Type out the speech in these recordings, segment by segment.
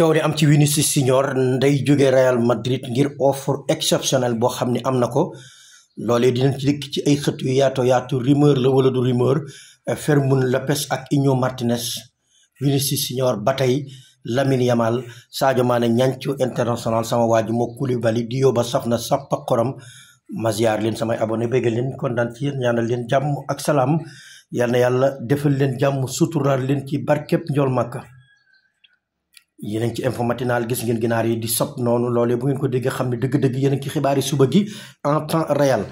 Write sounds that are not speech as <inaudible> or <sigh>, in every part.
coow li am ci Vinicius Junior nday joge Real Madrid ngir offre exceptionnelle boo xam ne am na ko loolee dina ci dikk ci ay xët yu yaatoo yaatu rumeur la wala du rumeur Fermín López ak Iñigo martines Vinicius Junior ba tey Lamine Yamal Sadio Mané ñancu international sama waa ji moo di yóbba saf na sàppa xorom masiyaar leen samay abonné bégg leen kon kontaan ci yéen ñaanal leen jàmm ak salaam yal na yàlla defal leen jàmm suturaal leen ci barkeb njool màkka yéen ci info gis ngeen ginaar yi di sob noonu loolee bu ngeen ko dégg xam ne dëgg-dëgg yéen ci xibaari suba gi en temps réel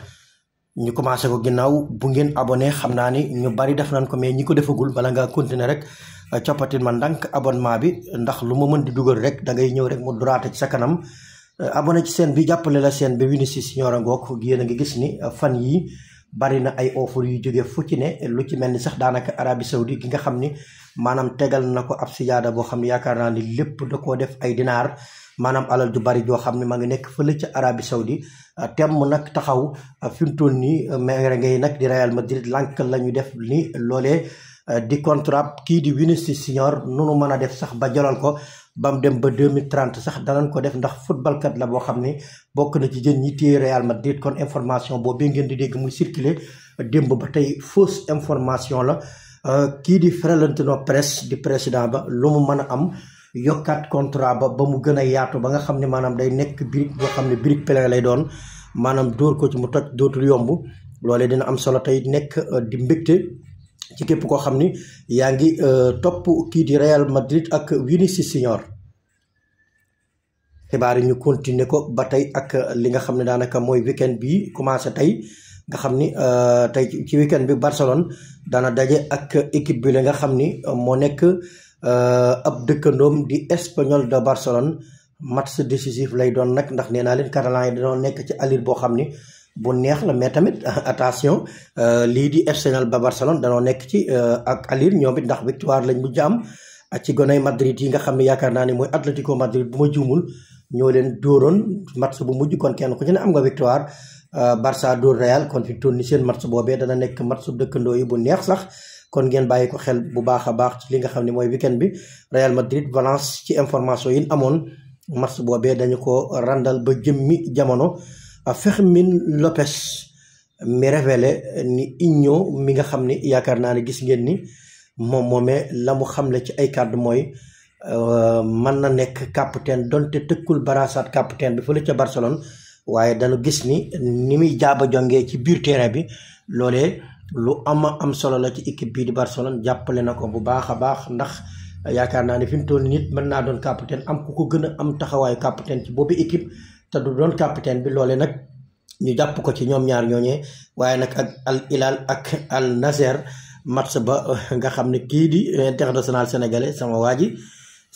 ñu commencé ko ginnaaw bu ngeen abonné xam naa ni ñu bari def nañ ko mais ñi ko defagul bala ngaa continuer rek euh, coppatil ma ndànk abonnement bi ndax lu ma mën di dugal rek da ngay ñëw rek mu droite ci sa kanam euh, abonné ci seen bi jàppalee la seen bi Vinicius Junior a ngoog yéen a ngi gis ni euh, fan yi bari na ay offre yu jóge fu ci ne lu ci mel ni sax daanaka Arabie Saoudite ki nga xam ni maanaam tegal na ko ab sijaada boo xam ne yaakaar naa ni lépp da koo def ay dinaar maanaam alal ju bari joo xam ne ma ngi nekk fële ca Arabie Saoudite temm nag taxaw fi mu toll nii merengue yi nag di Real Madrid lank la ñu def ni loolee di contrat kii di Vinicius Junior nunu mën a def sax ba jolal ko ba mu dem ba deux mille sax danañ ko def ndax football kat la boo xam ne bokk na ci jën ñi téye Real Madrid kon information boobu ngeen di dégg muy circuler démb ba tey fausse information la euh, kii di Florentino Pérez di président ba lu mu mën a am yokkaat contrat ba ba mu gën a yaatu ba nga xam ne maanaam day nekk brique boo xam ne brique plein lay doon maanaam door ko ci mu toj dootul yomb loolee dina am solo tey nekk euh, di mbégte ci képp koo xam ni yaa ngi euh, topp kii di Real Madrid ak Vinicius Junior xibaar yi ñu continuer ko ba tey ak li nga xam ne daanaka mooy weekend bi commencé tey nga xam ni euh, tey ci weekend bi Barcelone daana daje ak équipe bi la nga xam ni moo nekk euh, ab dëkkandoom di Espagnol de Barcelone match décisif lay doon nag ndax nee naa leen catalan yi dañoo nekk ci alire boo xam ni bu neex la mais tamit <laughs> attention euh, lii di FC Nal ba Barcelone danoo nekk ci euh, ak alir ñoom it ndax victoire lañ mujj am ci gonay Madrid yi nga xam ne yaakaar naa ne mooy Atlético Madrid bu ma juumul ñoo leen dóoroon match bu mujj kon kenn ku ci am nga victoire euh, Barça dóor Real kon fi tourni seen match boobee dana nekk match dëkkandoo yi bu neex sax kon ngeen bàyyi ko xel bu baax a baax ci li nga xam ne mooy weekend bi Real Madrid Valence ci information yi amoon match boobee dañu ko randal ba jëmmi jamono. a Fermín López mi révélé ni Inyo mi nga xam ni yaakaar naa ne gis ngeen ni moom moomee la xam xamle ci ay kàddu mooy euh, mën na nekk capitaine donte tëkkul barasaat capitaine bi fële ca Barcelone waaye dañu gis ni ni muy jaaba jongee ci biir terrain bi loolee lu ama am solo la ci équipe bii di Barcelone jàppale na ko bu baax a baax ndax yaakaar naa ni fi mu toll nit mën naa doon capitaine am ku ko gën am taxawaayu capitaine ci boobu équipe te du doon capitaine bi loole nag ñu jàpp ko ci ñoom ñaar ñooñee waaye nag ak al ilal ak al naser match ba euh, nga xam ne kii di international sénégalais sama waa ji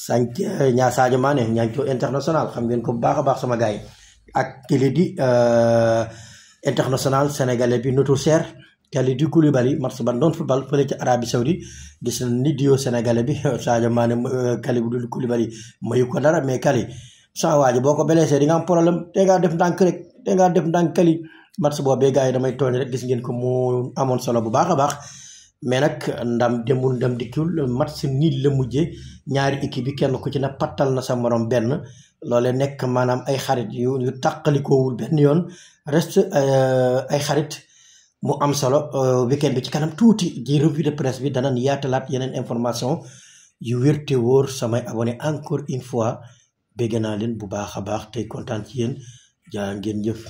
sànq euh, ñaa Sadio Mané ñaancoo international xam ngeen ko bu baax a baax sama gars yi ak kili di euh, international sénégalais bi nutu seer Kalidou di Koulibaly match ban doon football fële ci Arabie Saoudi gis na ni dio sénégalais bi <laughs> Sadio maane Kalidou di Koulibaly mayu ko dara mais Kali saa waa boo ko blessé di nga problème te def ndànk rek te ngaa def ndànk kali match boobee gars yi damay tooñ rek gis ngeen ko mu amoon solo bu baax a baax mais nag ndam demul ndam dikkul match nii la mujjee ñaari équipe bi kenn ku ci ne pattal na sa morom benn loole nekk maanaam ay xarit yu yu tàqalikoowul benn yoon reste euh, ay xarit mu am solo euh, weekend bi ci kanam tuuti di revue de presse bi danañ yaatalaat yeneen information yu wér te wóor samay abonné encore une fois bégg naa leen bu baax a baax tey kontaan ci yéen jaa ngeen jëf.